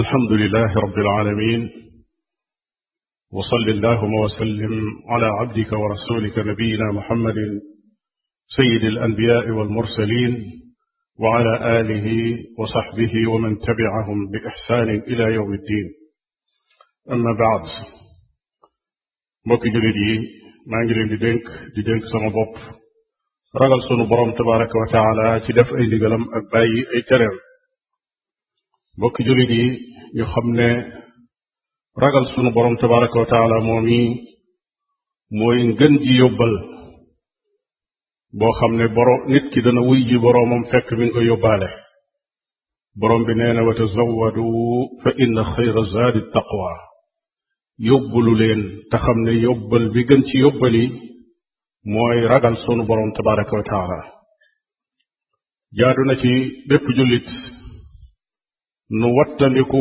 alhamdulilah rabbil aalamiin wa salli allaahumma wa sallim alaa abdika wa rasuulika nabiyyinaa muhammadin sayyidil anbiyaa'i wal mursaliin wa alaa aalihi wa sahbihi wa man tabi'ahum bi ihsaanin ilaa yawmi ddiin. amma ba'd. mbokki jullit yi maa ngi leen di dénk di dénk sama bopp ragal sunu boroom tabaaraka wa taala ci def ay ndigalam ak bàyyi ay tereem. mbokk jullit yi ñu xam ne ragal sunu borom tabaraka moom yi mooy ngën ji yóbbal boo xam ne boro nit ki dana wuy ji boroomam fekk mi ngi ko yóbbaale borom bi nee na wa tazawadu fa inna xayra zaadi taqwa yóbbalu leen te xam ne yóbbal bi gën ci yóbbal mooy ragal sunu borom tabaraka jaadu na ci bépp jullit nu wattandiku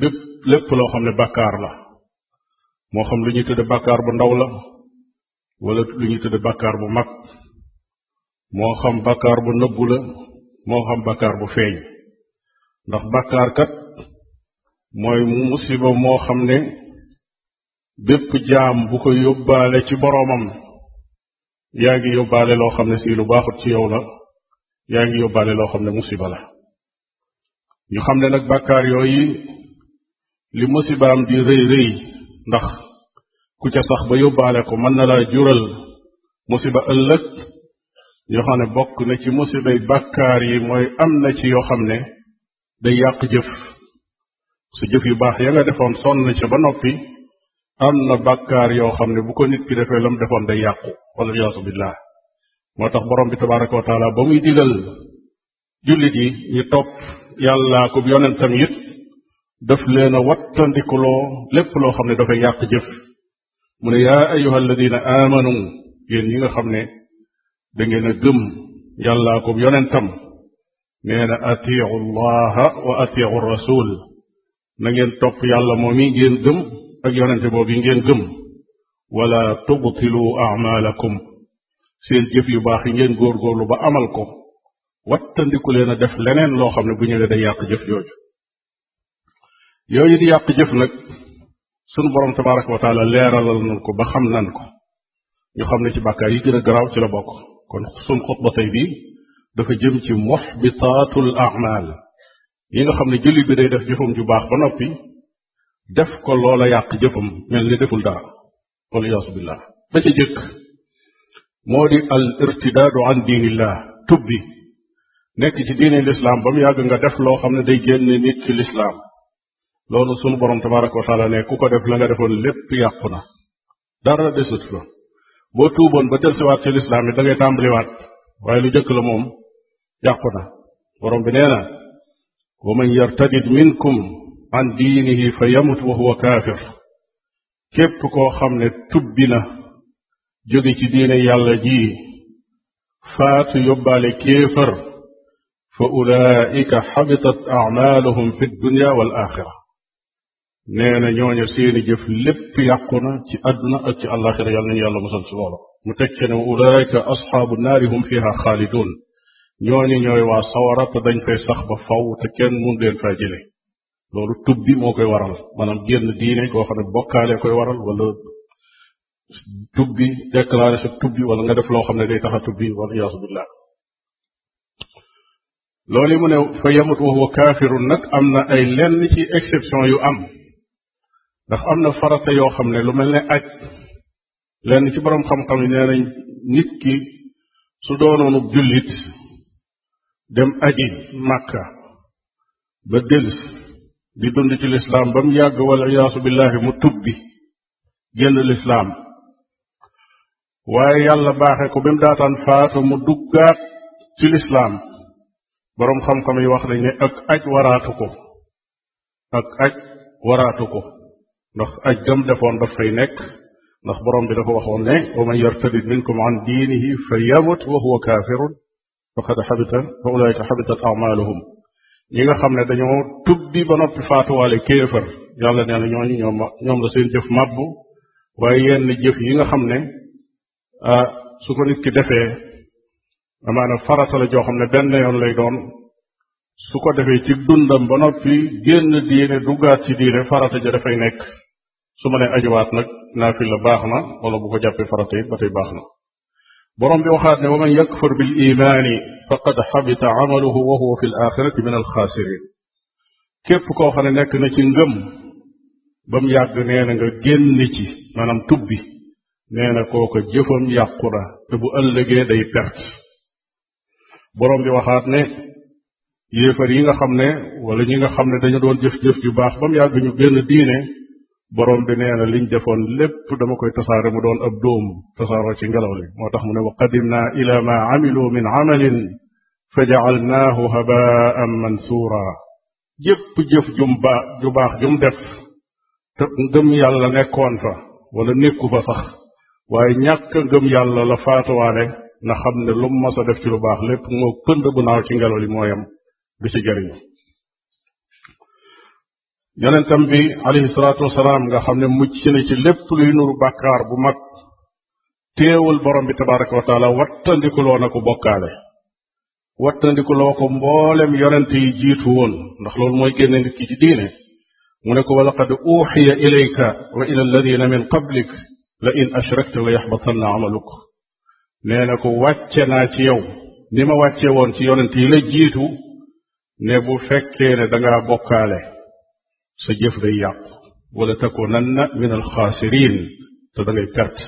bépp lépp loo xam ne bàkkaar la moo xam lu ñuy tudde bàkkaar bu ndaw la wala lu ñuy tudde bàkkaar bu mag moo xam bàkkaar bu nëbbu la moo xam bàkkaar bu feeñ ndax bàkkaar kat mooy musiba moo xam ne bépp jaam bu ko yóbbaale ci boroomam yaa ngi yóbbaale loo xam ne si lu baaxut ci yow la yaa ngi yóbbaale loo xam ne musiba la ñu xam ne nag bakkaar yooyu li musibaam di rëy rëy ndax ku ca sax ba yóbbaale ko mën na laa jural musiba ëllëg yoo xam ne bokk na ci musibay bàkkaar yi mooy am na ci yoo xam ne day yàq jëf su jëf yu baax ya nga defoon sonn ca ba noppi am na bàkkaar yoo xam ne bu ko nit ki defee lam defoon day yàqu wala yaasu billah moo tax borom bi tabaraka wa taala ba muy digal jullit yi ñu topp yàllaa ko yonentam it daf leen a wattandikuloo lépp loo xam ne dafay yàq jëf mu ne yaa ayuha alladina aamanu yéen ñi nga xam ne da ngeen a gëm yàllaa ko yonentam nee na atiu llaha wa atiu rasul na ngeen topp yàlla moom yi ngeen gëm ak yonente boobu yi ngeen gëm wala tubtilu amalakum seen jëf yu baax yi ngeen góorgóorlu ba amal ko wattandiku leen a def leneen loo xam ne bu ñëwee day yàq jëf jooju yooyu di yàq jëf nag sunu borom tabaraka wa leeralal nañ ko ba xam nan ko ñu xam ne ci bàkkaar yi gën a garaaw ci la bokk kon sunu xutba tey bi dafa jëm ci muxbitaatul amal yi nga xam ne jullit bi day def jëfam ju baax ba noppi def ko loola yàq jëfam mel ni deful dara wala yaasu billah ba ca jëkk moo di al irtidaadu an diinillah tubbi nekk ci diine lislaam ba mu yàgg nga def loo xam ne day génne nit ci lislaam loolu sunu borom tabaraka wa taala ku ko def la nga defoon lépp yàqu na dara desut fa boo tuuboon ba delsiwaat ci lislaam yi da tàmbaliwaat waaye lu jëkk la moom yàqu na borom bi nee na wa man yartadid minkum an diinihi fa yamut wa kaafir képp koo xam ne tubbi na jóge ci diine yàlla ji faatu yóbbaale kéefër fa ulaika xabitat amaaluhum fi dunya wal axira nee na ñooñu seeni jëf na ci àdduna ak ci àllaaxira yàlla nañu yàlla musal ci loola mu teg ci ne ulaika asxaabu naari hum fiha xaalidun ñooñu ñooy waa sawara te dañ fay sax ba faw te kenn mun leen faa jële loolu tubbi moo koy waral maanaam génn diine koo xam ne bokkaale koy waral wala tubbi déclaré sa tubbi wal nga def loo xam ne day tax a tubbi wala iyaasu billah loolu mu ne fa yamut wa huwa nag am na ay lenn ci exception yu am ndax am na farata yoo xam ne lu mel ne aj lenn ci boroom xam-xam yi nee nit ki su doonoonu jullit dem aji màkka ba dëls di dund ci lislaam ba mu yàgg wala iyaasu billahi mu tubbi génn lislaam waaye yàlla baaxe ko bi mu daataan faatu mu duggaat ci lislaam boroom xam-xam yi wax nañ ne ak aj waraatu ko ak aj waraatu ko ndax aj gam defoon daf fay nekk ndax borom bi dafa waxoon ne wa man yartadid minkum an diinihi fa yamut wa ñi nga xam ne dañoo tubbi ba yàlla nee na ñooñu ñoom ñoom la yenn jëf yi nga xam ne ah ko ki defee maanaam farata joo xam ne benn yoon lay doon su ko defee ci dundam ba noppi génn diine duggaat ci diine farata ja dafay nekk su ma ne ajuwaat nag naafil la baax na wala bu ko jàppee farata it ba tey baax na borom bi waxaat ne wa man yakfur bil imaani faqad xabita amaluhu wa huwa fi l axirati min képp koo xam ne nekk na ci ngëm ba mu yàgg nee na nga génn ci maanaam tubbi nee na kooka jëfam yàqu na te bu ëllëgee day perte borom bi waxaat ne yéefar yi nga xam ne wala ñi nga xam ne dañu doon jëf-jëf yu baax ba mu yàgg ñu génn diine borom bi nee na liñ defoon lépp dama koy tasaare mu doon ab dóom tasaaroo ci ngelaw li moo tax mu ne wa qadimna ila ma amilu min amalin fa jaalnaahu habaan mansuura jëpp jëf jum baa ju baax jum def te ngëm yàlla nekkoon fa wala nekku fa sax waaye ñàkk ngëm yàlla la faatuwaale na xam ne lu mu mos def ci lu baax lépp moo pënd bu naaw ci ngelaw li mooyam du ci jëriñu yonentam bi alayhi nga xam ne mucc na ci lépp luy nuru bàkkaar bu mag teewul borom bi tabaraka wa taala wattandikuloo na ko bokkaale wattandikuloo ko mboolem yonent yi jiitu woon ndax loolu mooy génne nit ci diine mu ne ko wa laqad uuxiya ilayka wa ila alladina min qablik la in ashrakta la yaxbatanna amaluk nee na ko wàcce naa ci yow ni ma wàccee woon ci yonent yi la jiitu ne bu fekkee ne dangaa bokkaale sa jëf day yàqu wala na min alxaasiriin te da ngay perte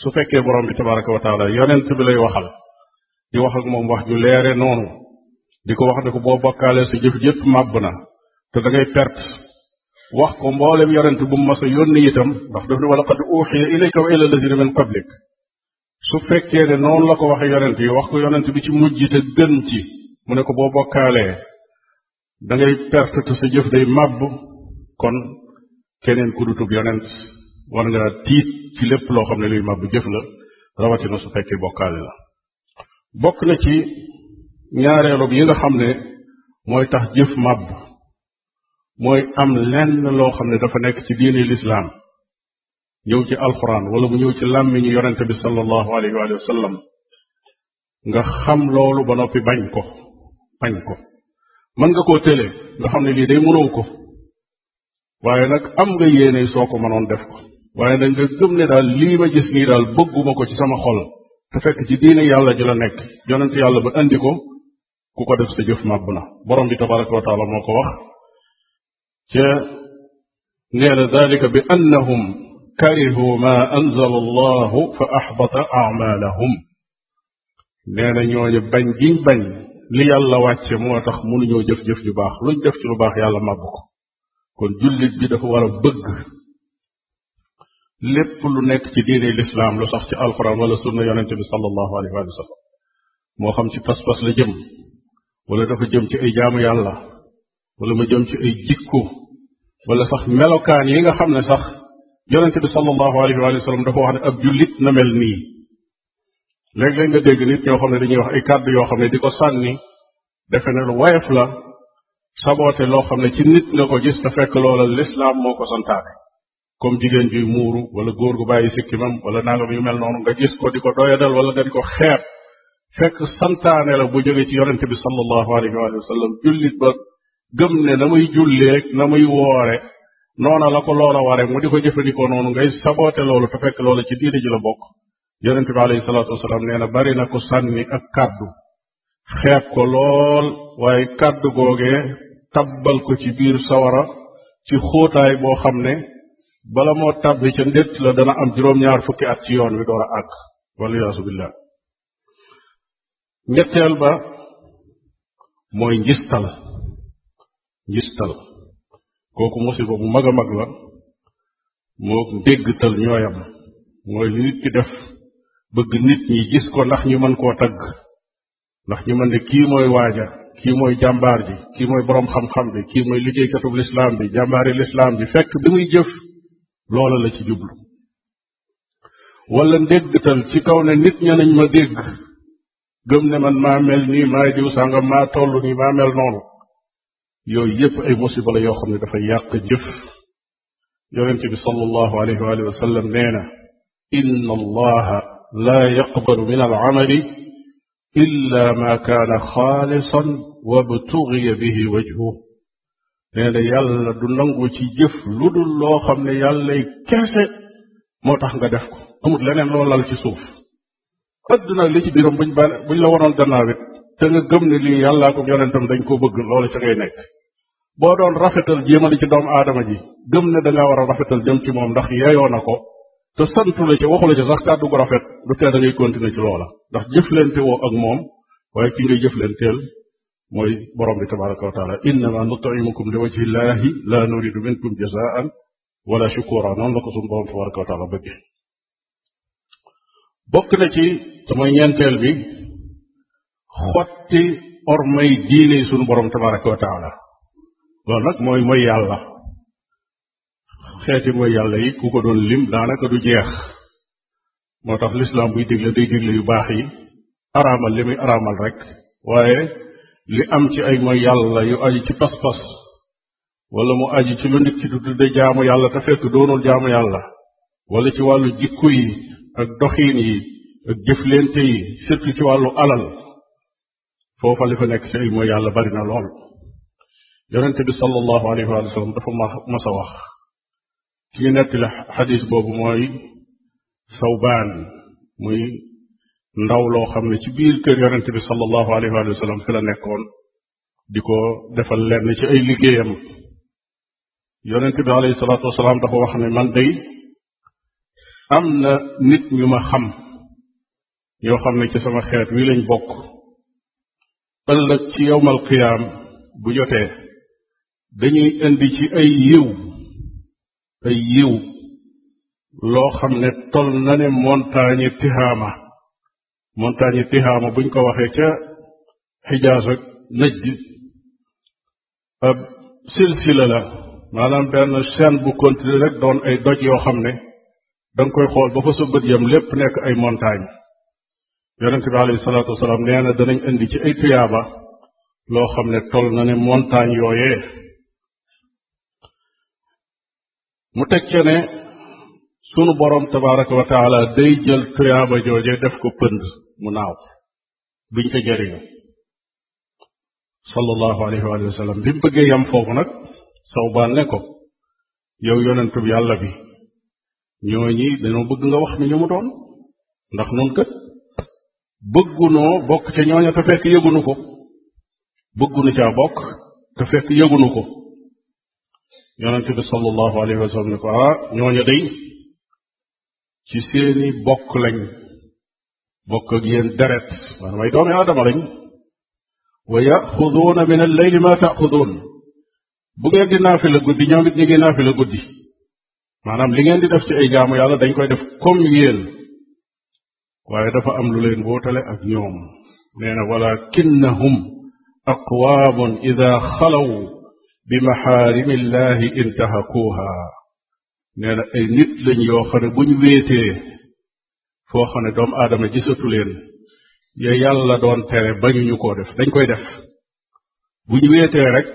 su fekkee borom bi tabaraka wa taala yonent bi lay waxal di wax ak moom wax ju leere noonu di ko wax ne ko boo bokkaale sa jëf jëpp màbb na te da ngay perte wax ko mboolem yonent bu mu mas a yónni itam ndax daf ne wala qad uuxiya ilayka wa ila alladina min qablik su fekkee ne noonu la ko waxee yonent yi wax ko yonent bi ci mujj te gën ci mu ne ko boo bokkaalee da ngay perte te sa jëf day màbb kon keneen ku dutub yonent war nga tiit ci lépp loo xam ne luy màbb jëf la rawatina su fekkee bokkaale la bokk na ci ñaareelu bi yi nga xam ne mooy tax jëf màbb mooy am lenn loo xam ne dafa nekk ci diine lislaam ñëw ci alxuraan wala bu ñëw ci làmmiñu yonente bi sallallahu alayhi wa sallam nga xam loolu ba noppi bañ ko bañ ko mën nga koo tëlee nga xam ne lii day mënoo ko waaye nag am nga yéene soo ko mënoon def ko waaye nag nga gëm ne daal lii ma gis nii daal bëgguma ko ci sama xol te fekk ci diine yàlla ji la nekk yonente yàlla ba andi ko ku ko def sa jëf màbb na borom bi tabaraka wa taala moo ko wax ca nee na dalika bi annahum karihuu maa anzala allahu fa axbata amaalahum nee na ñooñu bañ giñ bañ li yàlla wàcce moo tax mënuñoo jëf-jëf ju baax luñ jëf ci lu baax yàlla màbb ko kon jullit bi dafa war a bëgg lépp lu nekk ci diine lislaam lu sax ci alxuraan wala sunna yonente bi sallallahu alayhi wa sallam moo xam ci pas-pas la jëm wala dafa jëm ci ay jaamu yàlla wala mu jëm ci ay jikko wala sax melokaan yi nga xam ne sax yonente bi sallallahu alayhi wa sallam dafa wax ne ab jullit na mel nii léeg-léeg nga dégg nit ñoo xam ne dañuy wax ay kàddu yoo xam ne di ko sànni defe ne lu woyof la saboote loo xam ne ci nit nga ko gis te fekk loola lislaam moo ko santaane comme jigéen juy muuru wala góor gu bàyyi sikkimam wala nangam yu mel noonu nga gis ko di ko doyadal wala nga di ko xeeb fekk santaane la bu jóge ci yonente bi sallallahu alayhi wa sallam jullit ba gëm ne na muy julleeg na muy woore noona la ko loola ware mu di ko jëfandikoo noonu ngay saboote loolu te fekk loola ci diine ji la bokk yonente bi alayhi salaatu wasalaam nee na bari na ko sànni ak kàddu xeeb ko lool waaye kàddu googee tabbal ko ci biir sawara ci xóotaay boo xam ne bala moo tàbbi ca ndett la dana am juróom-ñaar fukki at ci yoon wi door a àgg waliyaasu billah ñetteel ba mooy njistal njistal kooku musiba bu mag a mag la moo déggtal ñooyam mooy li nit ki def bëgg nit ñi gis ko ndax ñu mën koo tagg ndax ñu mën ne kii mooy waaja kii mooy jàmbaar ji kii mooy boroom xam-xam bi kii mooy liggéeykatub lislaam bi jàmbaari lislaam bi fekk bi muy jëf loola la ci jublu wala ndéggtal ci kaw ne nit ña nañ ma dégg gëm ne man maa mel nii maa diw sàngam maa toll nii maa mel noonu yooyu yépp ay musiba la yoo xam ne dafay yàq jëf yonente bi sallallahu alayhi wa alihi wa sallam nee na inna allaha laa yaqbalu min alcamali illa ma kaana xaalisan wabtugiya bihi wajhu nee na yàlla du nangu ci jëf lu dul loo xam ne yàllay kese moo tax nga def ko amut leneen loo lal ci suuf adduna li ci biiram buñ ba buñ la wanoon gannaawit te nga gëm ne ko yonentam dañ koo bëgg loola ca ngay nekk boo doon rafetal jéemali ci doomu aadama ji gëm ne da ngaa war a rafetal jëm ci moom ndax yeeyoo na ko te santu la ci waxu la ci sax kàddu gu rafet du tee da ngay continuer ci loola ndax jëflante woo ak moom waaye ki ngay jëflanteel mooy borom bi tabaraka wa innama nutimukum li wajhi la nuridu minkum jazaan wala shukura noonu la ko suñu borom tabaraka wa taala bokk na ci te ñeenteel bi xotti ormay diine sunu borom tabaraka wa loolu nag mooy moy yàlla xeeti mooy yàlla yi ku ko doon lim daanaka du jeex moo tax lislaam buy digle day digle yu baax yi araamal li muy araamal rek waaye li am ci ay mooy yàlla yu aju ci pas-pas wala mu aju ci lu nit ci du tudde jaamu yàlla te fekk doonul jaamu yàlla wala ci wàllu jikku yi ak doxiin yi ak jëflente yi surtout ci wàllu alal foofa li fa nekk ci ay mooy yàlla bari na lool yonente bi sallallahu alayhi wa dafa ma mas a wax ki ñu nettali xadis boobu mooy sawbaan muy ndaw loo xam ne ci biir kër yonente bi sallallahu alayhi wa sallam fi la nekkoon di ko defal lenn ci ay liggéeyam yonente bi alayhi ne man day am na nit ñu ma xam yoo xam ne ci sama xeet wi lañ bokk ëllëg ci yowmal qiyaam bu jotee dañuy indi ci ay yiw ay yiw loo xam ne tol na ne montagne tihaama montagne tihaama buñ ko waxee ca xijaas ak najd ab silsila la maanaam benn chaîne bu continuer rek doon ay doj yoo xam ne da koy xool ba fa sa yam lépp nekk ay montagne yonente bi alayhi salaatu wasalaam nee na indi ci ay tuyaaba loo xam ne tol na ne montagne yooyee mu teg ca ne sunu boroom tabaraka wa taala day jël tuyaaba jooje def ko pënd mu naaw duñ ca jëriñu sallallahu alayhi wa bi mu bëggee yam foofu nag sawbaan ne ko yow yonentub yàlla bi ñooñi dañoo bëgg nga wax ni ñu mu doon ndax nun kat bëggunoo bokk ca ñooña te fekk yëgunu ko bëggunu caa bokk te fekk yëgunu ko yonente bi wa sallam ne ko ah, ci seeni bokk lañ bokk ak yéen deret maanaam ay doomi aadama lañ wa yaxuduuna min alleyli ma taxuduun bu ngeen di naafila guddi ñoom it ñu ngi guddi maanaam li ngeen di def ci ay jaamu yàlla dañ koy def kom yéen waaye dafa am lu leen wootale ak ñoom nee na walakinnahum aqwaamun ida xalaw bi maxaarimillahi intahakuha nee na ay nit lañ yoo xam ne buñ wéetee foo xam ne doomu aadama gisatu leen ya yàlla doon tere bañuñu koo def dañ koy def buñ wéetee rek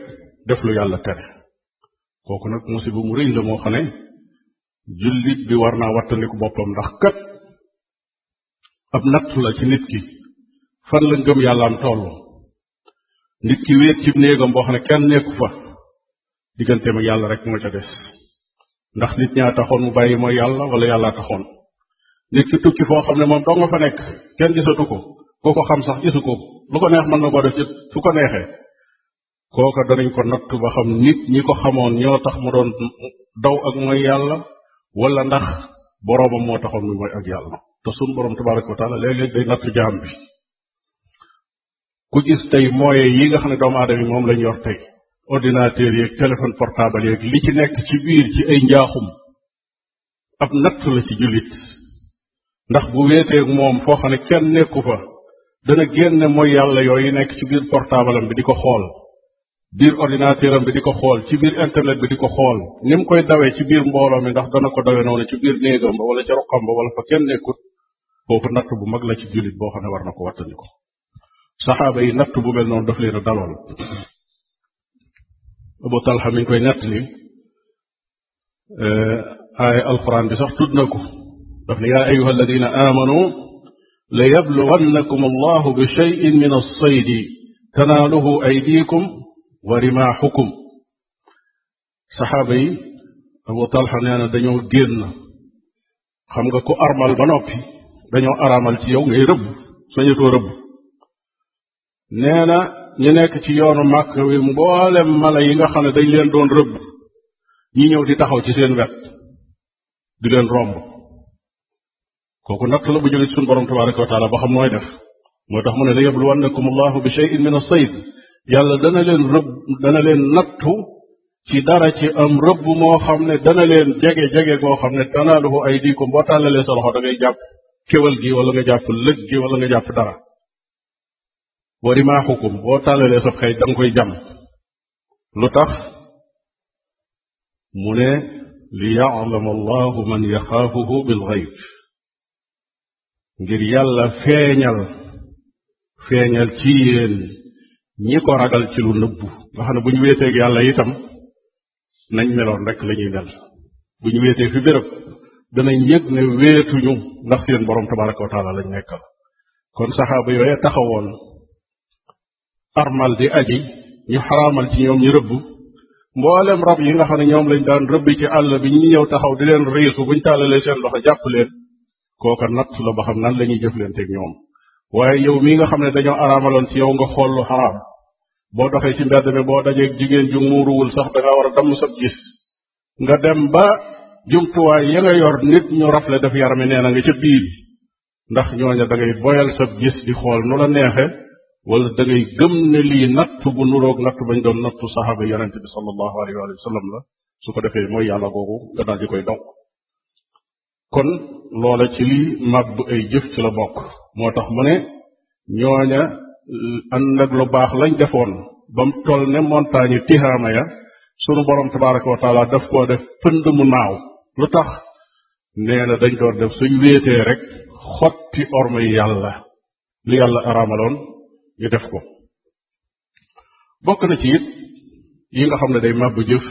def lu yàlla tere kooku nag musiba mu rëy la moo xam ne jullit bi war naa wattandiku boppam ndax kat ab nattu la ci nit ki fan la ngëm yàllaam toll nit ki wéet ci néegam boo xam ne kenn nekku fa digganteem ak yàlla rek moo ca des ndax nit ñaa taxoon mu bàyyi mooy yàlla wala yàllaa taxoon nit ki tukki foo xam ne moom doo nekk kenn gisatu ko koo ko xam ko lu ko neex mën na ko ko neexee kooka danañ ko natt ba xam nit ko xamoon ñoo tax mu doon daw ak mooy yàlla wala ndax boroomam moo taxoon mu mooy ak yàlla te sun boroom tabaraka wa taala léeg-léeg day natt jaam bi ku gis tey mooye yi nga xam ne doomu aadama moom lañ yor tey ordinateur yeeg téléphone portable yeeg li ci nekk ci biir ci ay njaaxum ab natt la ci jullit ndax bu weeteeg moom foo xam ne kenn nekku fa dana génne mooy yàlla yooyu nekk ci biir portable bi di ko xool biir ordinateur bi di ko xool ci biir internet bi di ko xool ni mu koy dawee ci biir mbooloo mi ndax dana ko dawe noonu ci biir néegam ba wala ci roqam ba wala fa kenn nekkut foofu natt bu mag la ci jullit boo xam ne war na ko wattandiku saxaaba yi natt bu mel noonu daf leen a Abu Talha mi ngi koy nettali aaya eh, alquran bi sax tudd na ko daf ne yaa ayuha alladina aamanu la yabluwannakum allahu bi cheyin min alsaydi tanaaluhu aydikum wa rimaaxukum saxaaba yi Abu Talha nee na dañoo génn xam nga ku armal ba noppi dañoo araamal ci yow ngay rëbb sañatoo rëbb nee na ñu nekk ci yoonu màkk wi mboolem mala yi nga xam ne dañ leen doon rëbb ñi ñëw di taxaw ci seen wet di leen romb kooku natt la bu jóge ci suñu borom tabaraka wa taala ba xam nooy def moo tax mu ne la yabluwannakum allahu bi cheyin min as-sayd yàlla dana leen rëbb dana leen nattu ci dara ci am rëbb moo xam ne dana leen jege jege goo xam ne tanaaluhu aydikum boo tàllalee sa loxo da ngay jàpp kéwal gi wala nga jàpp lëg gi wala nga jàpp dara wa rimaaxukum boo tàllalee sab xëy da nga koy jam lu tax mu ne li ya'lam allahu man yaxaafuhu bil xayb ngir yàlla feeñal feeñal ci yéen ñi ko ragal ci lu nëbbu nga xam ne bu ñu yàlla itam nañ meloon rek lañuy ñuy mel bu ñu weetee fi béréb danañ yëg ne weetuñu ndax seen borom tabaraka wa taala lañ nekkal kon saxaaba yooye taxawoon armal di aji ñu xaraamal ci ñoom ñu rëbb mboolem rab yi nga xam ne ñoom lañ daan rëbb ci àll bi ñu ñëw taxaw di leen riisu buñ tàllalee seen loxo jàpp leen kooka natt la ba xam nan la ñuy jëflanteeg ñoom waaye yow mii nga xam ne dañoo araamaloon ci yow nga xool lu xaraam boo doxee ci mbedd mi boo dajeeg jigéen ju muuruwul sax da nga damm sab gis nga dem ba jumtuwaay ya nga yor nit ñu rafle def yaram yi nee na nga ca biir ndax ñooña da ngay boyal di xool nu la wala da ngay gëm ne lii natt bu nuroog natt bañ doon nattu saxaaba yonent bi sallallahu alayhi wa la su ko defee mooy yàlla googu nga daal di koy daw kon loola ci lii màbb ay jëf ci la bokk moo tax mu ne ñooña ànd lu baax lañ defoon ba mu toll ne montagne tihaama ya sunu borom tabaraka wa daf koo def pënd mu naaw lu tax nee dañ doon def suñ wéetee rek xotti ormay yàlla li yàlla araamaloon ñu def ko bokk na ci it yi nga xam ne day màbb jëf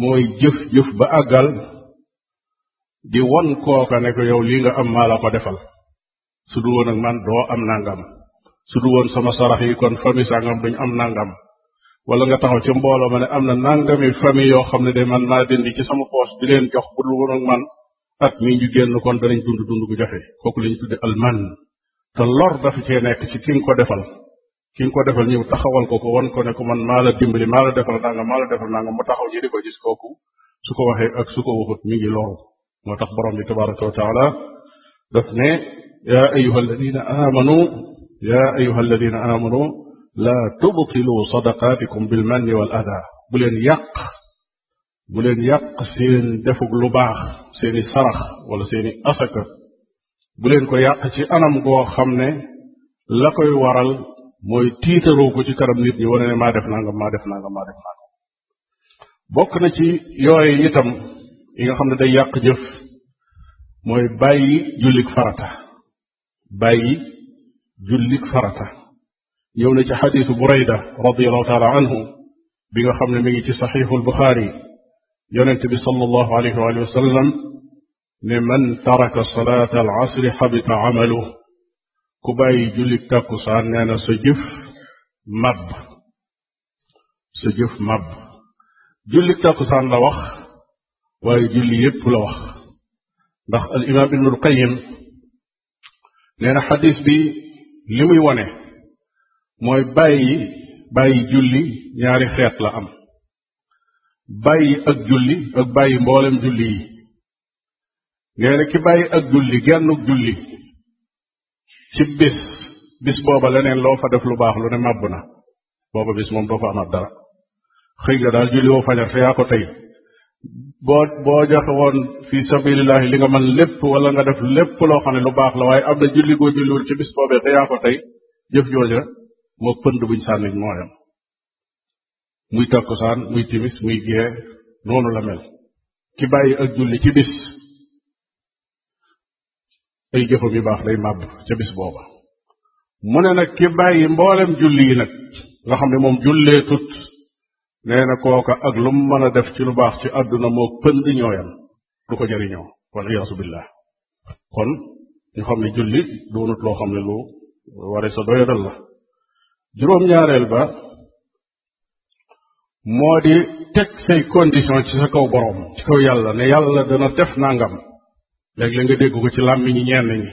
mooy jëf-jëf ba àggal di won kooka ne ko yow lii nga am maa la ko defal su du woon ak man doo am nangam su du woon sama sarax yi kon famille sangam duñ am nangam wala nga taxaw ci mbooloo ma ne am na nangami famille yoo xam ne de man maa dindi ci sama poos di leen jox bu dul woon ak man at mi ñu génn kon danañ dund dund gu jafe kooku lañ tudde alman te lor dafa cee nekk ci ki ko defal ki ko defal ñëw taxawal ko ko wan ko ne ko man maa la dimbali maa la defal nangam maa la defal nangam mu taxaw ñi di ko gis kooku su ko waxee ak su ko waxut mi ngi loru moo tax borom bi tabaraka wa taala daf ne yaa ayuha alladina amanu yaa ayuha alladina la tubtilu sadaqatikum bil manni wal ada bu leen yàq bu leen yàq seen defug lu baax seeni sarax wala seeni asaka bu leen ko yàq ci anam goo xam ne la koy waral mooy tiitaroo ko ci kanam nit ñi wane ne maa def nangam maa def naa maa bokk na ci yooye itam yi nga xam ne day yàq jëf mooy bàyyi jullik farata bàyyi jullik farata ñëw na ci xadiisu Burayda radiallahu taala anhu bi nga xam ne mu ngi ci saxiixul Buxaari yonente bi sallallahu alayhi wa sallam ne man taraka salaata al asri xabita amalu ku bàyyi julli takkusaan nee na sa jëf màbb sa jëf màbb julli takkusaan la wax waaye julli yépp la wax ndax al imaam ibnul qayim nee na bi li muy wone mooy bàyyi bàyyi julli ñaari xeet la am bàyyi ak julli ak bàyyi mboolem julli yi nee na ki bàyyi ak julli gennuk julli ci bis bis booba leneen loo fa def lu baax lu ne màbb na booba bis moom doo fa amaat dara xëy nga daal julli woo fajar te yaa ko tey boo boo joxe woon fi sabilillahi li nga mën lépp wala nga def lépp loo xam ne lu baax la waaye am na julli goo julliwul ci bis boobee te yaa ko tey jëf jooja moo pënd buñ sànniñ mooyam muy takkusaan muy timis muy gee noonu la mel ki bàyyi ak julli ci bis ay jëfam yu baax day màbb ca bis booba mu ne nag ki bàyyi mboolem julli yi nag nga xam ne moom jullee tut nee na kooka ak lu mu mën a def ci lu baax ci àdduna moo pënd ñooyam du ko jariñoo wala iyaasu billah kon ñu xam ne julli doonut loo xam ne lu ware sa doyadal la juróom-ñaareel ba moo di teg say condition ci sa kaw boroom ci kaw yàlla ne yàlla dana def nangam léegi léeg nga dégg ko ci làmmiñu ñenn ñi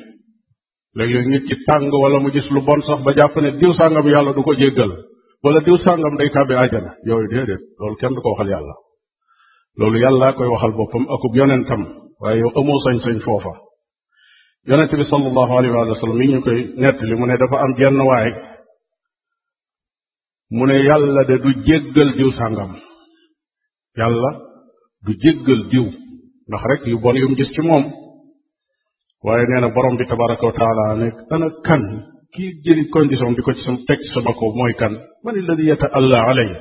léeg-léeg nit tàng wala mu gis lu bon sax ba jàpp ne diw sàngam yàlla du ko jéggal wala diw sàngam day tàbbi ajana yooyu déedéet loolu kenn du ko waxal yàlla loolu yàlla koy waxal boppam akub yonentam waaye yow amoo sañ-sañ foofa yonent bi sallallahu alayhi wa sallam mi ñu koy nettali mu ne dafa am genn waay mu ne yàlla de du jéggal diw sàngam yàlla du jéggal diw ndax rek yu bon yum gis ci moom waaye nee na borom bi tabaraka wa taala ne ana kan kii jëli condition bi ko ci sama teg ci sama kaw mooy kan man alladi allah alay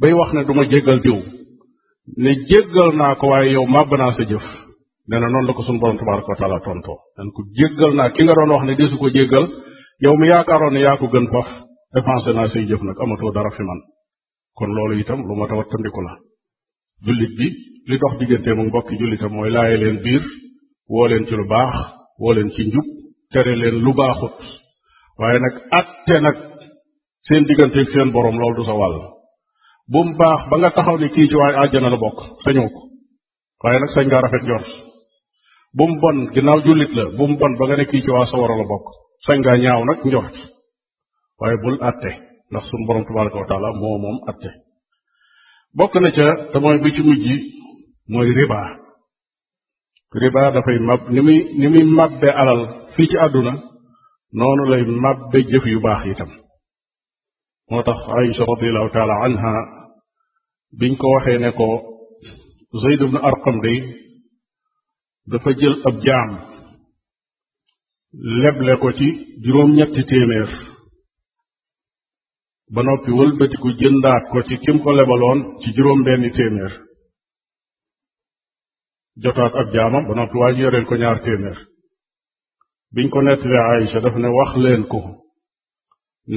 bay wax ne du ma jéggal diw ne jéggal naa ko waaye yow màbb naa sa jëf nee na noonu la ko sunu borom tabaraka wa tontoo nen ko jéggal naa ki nga doon wax ne desu ko jéggal yow mi yaakaaroon ne yaa ko gën faf dépensé naa say jëf nag amatoo dara fi man kon loolu itam lu ma tawattandiku la jullit bi li dox digganteem ak mbokki jullitam woo leen ci lu baax woo leen ci njub tere leen lu baaxut waaye nag atte nag seen digganteeg seen boroom loolu du sa wal bu mu baax ba nga taxaw ne kii ci waaye na la bokk sañoo ko waaye nag sañ ngaa rafet njort bu mu bon ginnaaw jullit la bu bon ba nga ne kii ci waa sawara la bokk sañ ngaa ñaaw nag njort waaye bul atte ndax sunu borom tabaraka wa taala moo moom atte bokk na ca te bi ci mujj mooy riba riba dafay mab ni muy ni muy mabbe alal fii ci àdduna noonu lay mabbe jëf yu baax itam moo tax Aïcha radiallahu taala biñ ko waxee ne ko Zayd ibn dafa jël ab jaam leble ko ci juróom-ñetti téeméer ba noppi wëlbatiku jëndaat ko ci kim ko lebaloon ci juróom benni téeméer jotaat ab jaamam ba noppi waa ji yoreel ko ñaar téeméer biñ ko nettalee Aïcha dafa ne wax leen ko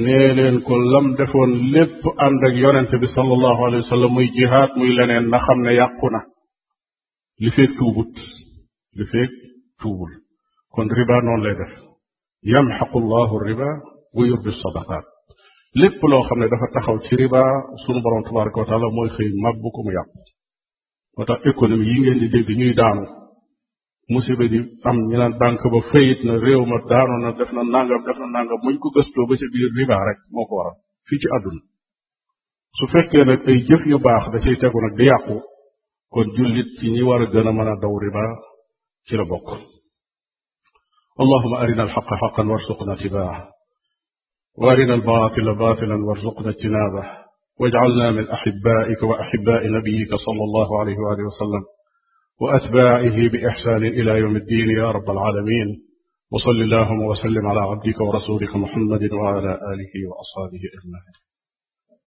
nee ko lam defoon lépp ànd ak yonente bi sallallahu alayhi muy jihaad muy leneen na xam ne yàqu na li feeg tuubut li feeg tuubul kon riba noonu lay def yamxaqu llahu riba wa yurbi sadaqaat lépp loo xam ne dafa taxaw ci riba sunu borom tabaraka wa mooy xëy màbbu ko mu yàqu moo tax économie yi ngeen di dégg ñuy daanu musiba di am ñu naan banque ba fayit na réew ma daanu na def na nangam def na nangam muñ ko gëstoo ba ca biir riba rek moo ko waral fii ci àdduna su fekkee nag ay jëf yu baax da cay tegu nag di yàqu kon jullit ci ñi war a gën a mën a daw riba ci la bokk allahuma arina alxaqa xaqan warsuqna tibaa wa arina albaatila baatilan warsuqna tinaba واجعلنا من أحبائك وأحباء نبيك صلى الله عليه وآله وسلم وأتباعه بإحسان إلى يوم الدين يا رب العالمين وصل اللهم وسلم على عبدك ورسولك محمد وعلى آله وأصحابه أجمعين